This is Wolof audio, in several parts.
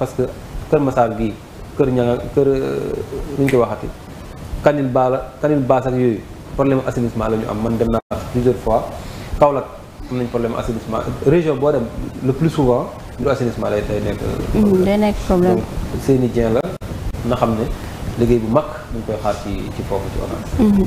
parce que Kër Massar gii kër ñanga kër euh, nu koy ko waxati kanil baala kanil baas yooyu problème assainissement la ñu am man dem naa plusieurs fois Kaolack am nañ problème assainissement région boo dem le plus souvent lu assainissement lay day nekk. day nekk problème seeni jeen la na xam ne liggéey bu mag ñu koy xaar ci ci foofu ci ONAS. Mhm.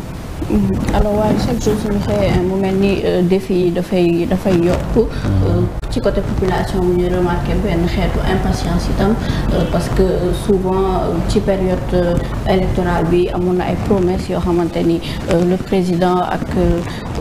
Mhm. alors waaye chaque jour suñu xëyee mu mel ni euh, défi yi dafay dafay yokk. Mhm. Euh, Si côté population remarque ñu y a une impatience euh, parce que souvent la euh, période euh, électorale bi a a ay promesses le président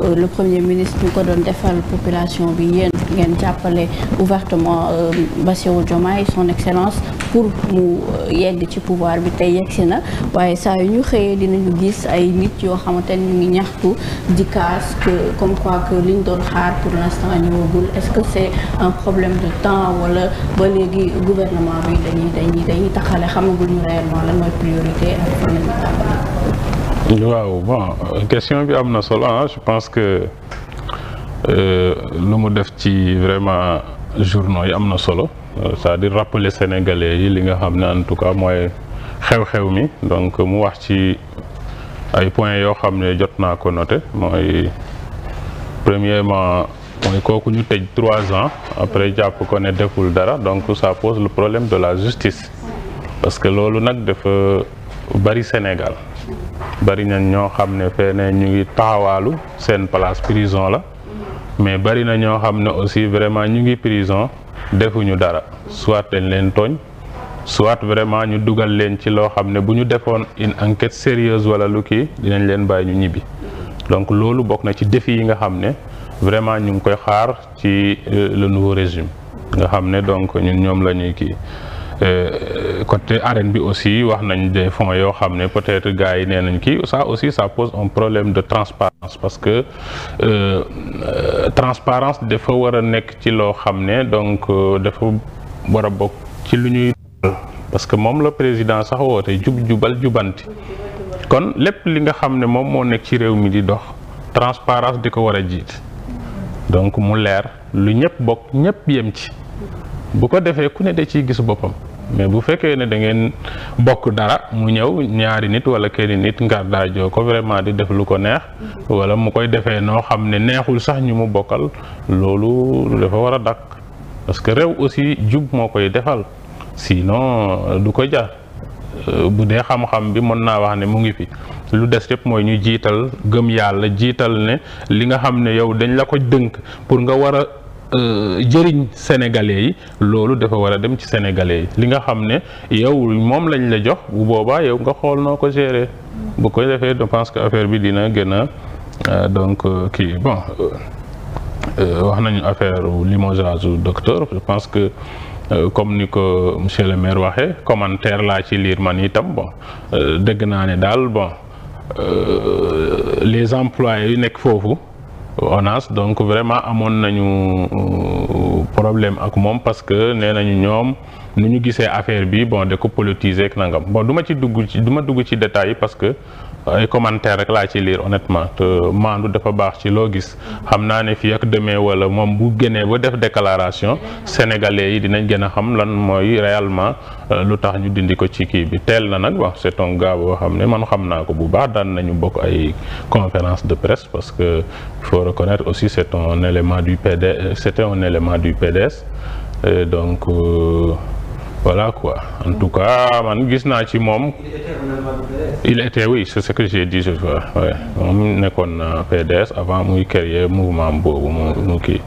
euh, le premier ministre ñu ko doon defal population bi yéen ngeen jàppale ouvertement euh, Bassirou Diomaye son excellence pour mu euh, yegg ci pouvoir bi tay yegg si na waaye saa yu ñu xeye dinañu gis ay nit yo xamantene ñu ngi ñaxtu di kaas que comme quoi que liñ doon xaar pour l'instant ñëwagul est-ce que c'est un problème de temps wala ba légui gouvernement bi dañuy dañuy dañuy taxale xamagul ñu réellement lan moy priorité ak fan la ñuy waaw bon question bi Amna solo hein, je pense que euh, mu def ci vraiment journaux yi Amna solo euh, c'est-à-dire rappeler sénégalais yi li nga en tout cas moi, xew-xew mi donc mu wax ci ay points yo xamné ne jot naa ko noter moy premièrement mooy koku ñu tej trois ans après japp ko né deful dara donc ça pose le problème de la justice parce que lolu nak dafa bari Sénégal bari na ñoo xam ne fee ñu ngi taxawaalu seen place prison la mais bari na ñoo xam ne aussi vraiment ñu ngi prison defuñu dara soit dañ leen tooñ soit vraiment ñu dugal leen ci loo xam ne bu ñu defoon une enquête sérieuse wala lu kii dinañ leen bàyyi ñu ñibbi donc loolu bokk na ci défi yi nga xam ne vraiment ñu ngi koy xaar ci euh, le nouveau régime nga xam ne donc ñun ñoom la ñuy kii Euh, côté arène bi aussi wax nañ des fonds yo xamné peut-être gaay nénañ ki ça aussi ça pose un problème de transparence parce que euh, transparence des fois a nekk ci lo xamné ne donc euh, dafa wara bok ci luñuy parce que mom le président sax wote djub jubal jubanti kon lepp li nga xamné mom mo nek ci réew mi di dox transparence diko wara war a donc mu lèr lu ñëpp bok ñëpp yem ci bu ko défé ku né da ci gis bopam mais bu fekkee ne da ngeen bokk dara mu ñëw ñaari nit wala kenn nit ngar daajoo ko vraiment di def lu ko neex wala mu koy defee noo xam ne neexul sax ñu mu bokkal loolu dafa war a dakk parce que réew aussi jub moo koy defal sinon du ko jar euh, bu dee xam-xam bi mën naa wax ne mu ngi fi lu des yëpp mooy ñu jiital gëm yàlla jiital ne li nga xam ne yow dañ la ko dënk pour nga war Euh, jëriñ sénégalais yi loolu dafa war a dem ci sénégalais yi li nga xam ne yow moom lañ la jox bu boobaa yow nga xool noo ko gérer bu koy defee de pense que affaire bi dina gën a euh, donc euh, kii bon wax nañu affaire limogeage u docteur je pense que comme ni ko monsieur le maire waxee commentaire laa ci liir man itam bon dégg naa ne daal bon les employés yu nekk foofu On ONAS donc vraiment amon nañu euh, problème ak mom parce que nee nañu ni ñu gisee affaire bi bon de ko politiser ak nangam bon duma ci dugg ci du dugg ci détails parce que euh, ay commentaire rek la ci lire honnêtement te maandu dafa bax ci lo gis xam né fi ak demee wala mom bu génnee ba def déclaration sénégalais yi dinañ gëna xam lan moy réellement euh, lu tax ñu dindi ko ci ki bi tel na nak wax c'est un gars bo xamné man xam naa ko bu baax daan nañu bok ay conférence de presse parce que faut reconnaître aussi c'est un élément du PDS euh, c'était un élément du PDS donc euh, voilà quoi en tout cas man gis naa ci mom. il était oui c'est ce que j'ai dit je crois ouais moom nekon PDS avant muy créer mouvement bobu mu ki.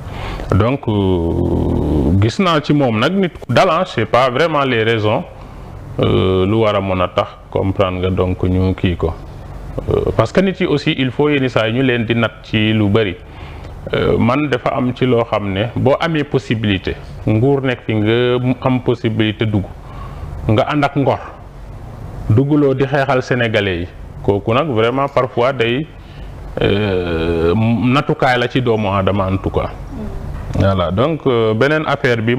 donc euh, gis naa ci mom nak nit ku dalan hein. c'est pas vraiment les raisons euh, lu war a tax comprendre nga donc ñu kii ko euh, parce que nit yi aussi il faut yenn saa ñu len di nat ci lu bari. Euh, man dafa am ci nga possibilité nga ngor di sénégalais vraiment parfois day des euh, la ci doomu en tout donc euh, affaire bi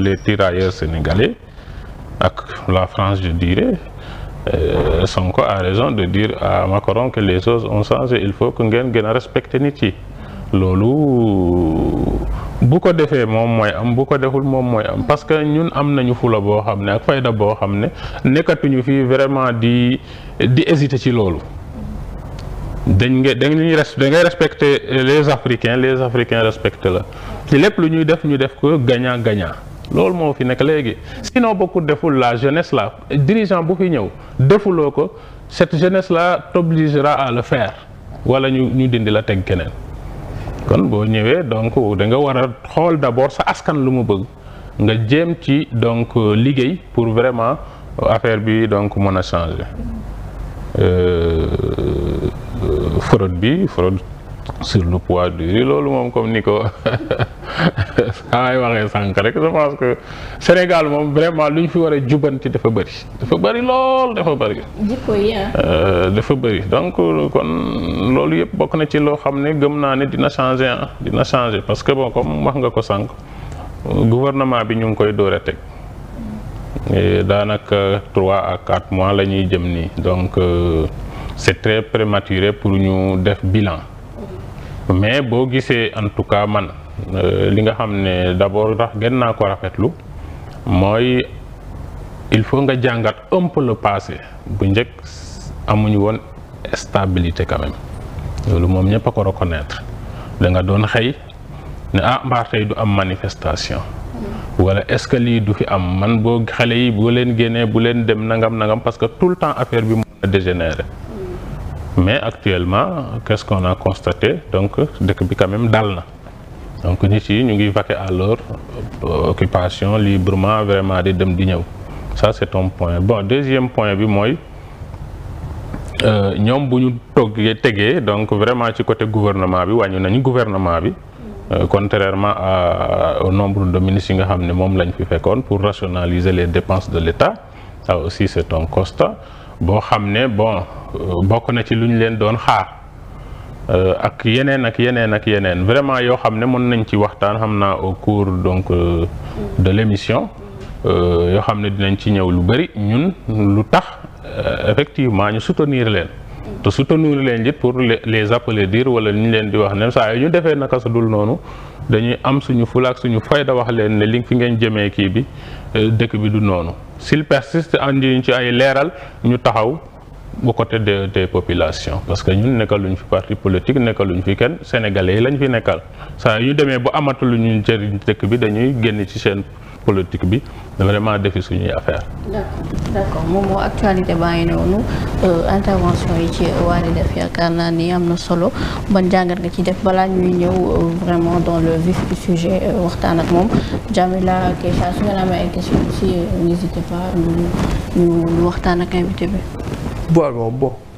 les tirailleurs sénégalais la France je dirais Sonko a raison de dire à Macron que les choses ont changé il faut que respecter Lolo, bu ko defee mom moy am bu ko parce que ñun am nañu fula nous xamné ak fayda bo xamné nekatuñu fi vraiment di di hésiter ci loolu dañ nga dañ respecter les africains les africains respectent la ci def ñu def ko gagnant gagnant loolu mo fi sinon ko deful la jeunesse là dirigeant bu fi cette jeunesse là t'obligera à le faire Voilà, nous nous la tête kon boo ñëwee donc danga nga war a xool d'abord sa askan lu mu bëgg nga jéem ci donc euh, liggéey pour vraiment affaire bi donc mën a changer euh, euh, fraude bi fraude sur le poids du loolu moom comme ni ko ay waxee sànq rek je pense Sénégal moom vraiment lu ñu fi war a jubbanti dafa bëri dafa bëri lool dafa bëri. jikko ah. euh, dafa bëri donc kon loolu yëpp bokk na ci loo xam ne gëm naa ne dina changer ah dina changer parce que bon comme wax nga ko sànq gouvernement bi ñu ngi koy door a teg. daanaka trois à quatre mois la ñuy jëm nii donc euh, c'est très prématuré pour ñu def bilan mais boo gisee en tout cas man. Euh, li nga xamné d'abord tax gën naa ko rafetlu moy il faut nga jangat un peu le passé bu njëkk amuñu woon stabilité quand même loolu mom ñëpp ko reconnaître da nga doon xey ne ah mbaar tey du am manifestation wala est-ce que li du fi am man bo xalé yi boo leen génnee bu leen dem nangam nangam parce que tout le temps affaire bi mo na dégénérer mais actuellement qu'est-ce qu'on a constaté donc dëkk bi quand même dalna donc nous avons ñu ngi à leur euh, occupation librement vraiment di dem ça c'est un point bon deuxième point nous avons nous bu ñu donc vraiment du côté gouvernement gouvernement euh, contrairement au nombre de ministres qui ont fait pour rationaliser les dépenses de l'État ça aussi c'est un constat Bon, bon euh, bokk na ci leen ak yenen ak yenen ak yenen vraiment yo xamne ne mën nañ ci waxtaan xamna au cours donc de l'émission yo xamne dinañ ci ñew lu bari ñun lu tax effectivement ñu soutenir len te soutenir len it pour les appeler dire wala ñu len di wax même saa ñu défé naka sa dul nonu dañuy am suñu fulaak suñu fayda wax len ne li fi ngeen jëmé ki bi dëkk bi du nonu s'il persiste andi ñu ci ay léral ñu taxaw au côté des des populations parce que ñun nekkaluñ fi parti politique nekkaluñ fi kenn sénégalais yi lañ fi nekkal saa yu demee ba amataluñu njëriñ dëkk bi dañuy génn ci seen politique bi vraiment defi suñuy affaire. d' d'accord moom moo actualité baa ngi noonu euh, intervention yi ci wari def yaakaar ni amna solo ban jàngat nga ci def bala ñuy ñëw euh, vraiment dans le vif du sujet euh, waxtaan ak mom Jamila Keita su ngeen amee ay questions aussi n'hésitez pas ñu ñu waxtaan ak invité bi. 뭐하고 뭐